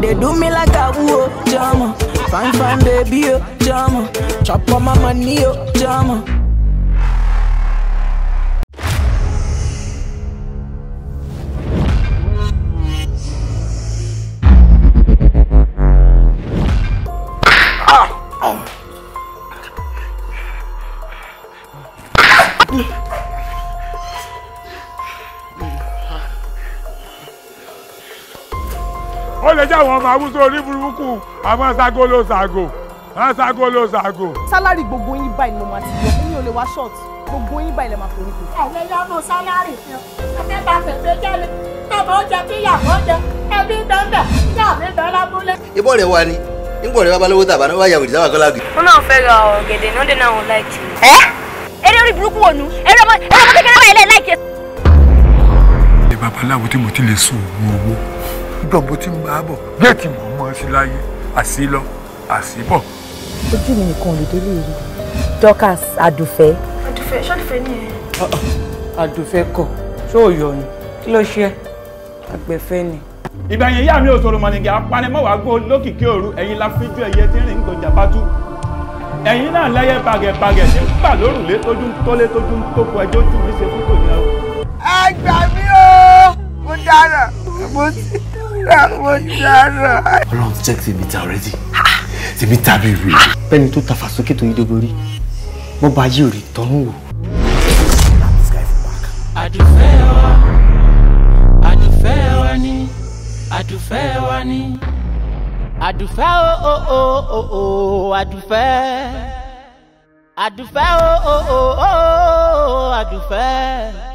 they do me like a woo, oh, jama. Fine, fine, baby, oh, jama. Chop on my money, oh, jama. Ah! Oh. ó lè jẹ́ àwọn ọmọ awúsọ oníburúkú àwọn ṣàgólo ṣàgò àwọn ṣàgólo ṣàgò. sálárì gbogbo yín báyìí ni mo máa ti yọ èmi ò lè wá short gbogbo yín báyìí lè máa forí kù. ẹ̀lẹ́ yọnu sálárì fún ọ mẹ́ta fèfé jẹ́lẹ̀ tọ́mọ oúnjẹ tí ìyàwó jẹ ẹbí bẹ́ẹ̀ ìyá mi bẹ́ẹ̀ lábúlé. ibọ̀ rẹ̀ wá ni nígbọ̀ rẹ̀ babalówó tàbá náà wáyà òrìṣà wàkọ́lá gè. ó náà fẹ́ ra ọ̀gẹ̀dẹ̀ náà dé náà wọn láìkì. ẹ eré orí burúkú wò nu eré ọmọ kékeré wà jọ̀bọ̀ tí ń bá a bọ̀ géètì mọ̀ mọ́ sí láyé àsílọ àsíbọ̀. ojú mi nìkan ò lè délé rí Dorcas Adùfẹ́. Adùfẹ́ ṣọ́dúfẹ́ ni ẹ. Uh-uh. Adùfẹ́ kọ ṣóòyọ ni kí ló ṣe àgbẹ̀fẹ́ ni. ìgbà yẹn ìyá mi ò sọ̀rọ̀ mọ̀nìkì apanimọ́wàá gbó lókìkí òru ẹ̀yin la fi ju ẹyẹ tí ń rìn gbọ̀jà bá tú ẹ̀yin náà lẹ́yẹ bàgẹ̀bàgẹ̀ tí ń gbà lórùlé tójú ń tólé tójú ń tókò ẹjọ́ tù mí ṣe fún tòní ẹ̀rọ. ẹ gbà mí o mo dára mo ti mo ṣàrà. ọlọ́run ti check the meter already The meter be rí. bẹ́ẹ̀ni tó ta fàsókè tó yí dogo rí mo bá yí òrì tọ́nú wò. àdùfẹ́ wa àdùfẹ́ wa ni àdùfẹ́ wa ni àdùfẹ́ o o o o o àdùfẹ́ àdùfẹ́ o o o o àdùfẹ́.